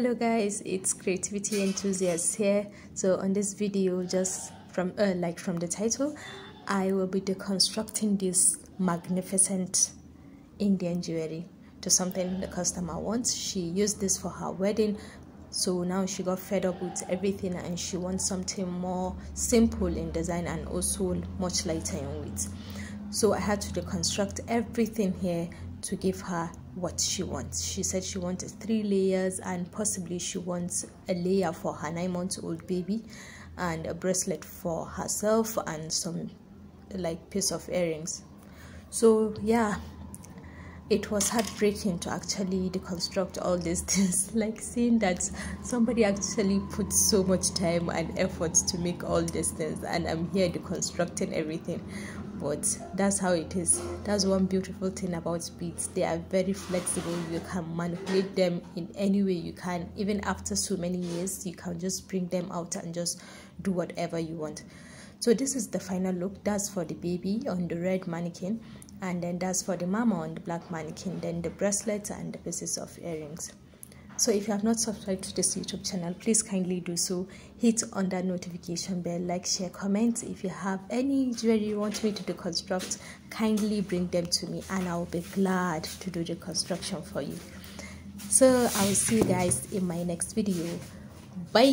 hello guys it's creativity enthusiast here so on this video just from uh, like from the title i will be deconstructing this magnificent indian jewelry to something the customer wants she used this for her wedding so now she got fed up with everything and she wants something more simple in design and also much lighter in weight so i had to deconstruct everything here to give her what she wants. She said she wants three layers and possibly she wants a layer for her nine months old baby and a bracelet for herself and some like piece of earrings. So yeah, it was heartbreaking to actually deconstruct all these things like seeing that somebody actually put so much time and effort to make all these things and i'm here deconstructing everything but that's how it is that's one beautiful thing about beads they are very flexible you can manipulate them in any way you can even after so many years you can just bring them out and just do whatever you want so this is the final look that's for the baby on the red mannequin and then that's for the mama on the black mannequin then the bracelets and the pieces of earrings so if you have not subscribed to this youtube channel please kindly do so hit on that notification bell like share comment if you have any jewelry you want me to deconstruct kindly bring them to me and i'll be glad to do the construction for you so i will see you guys in my next video bye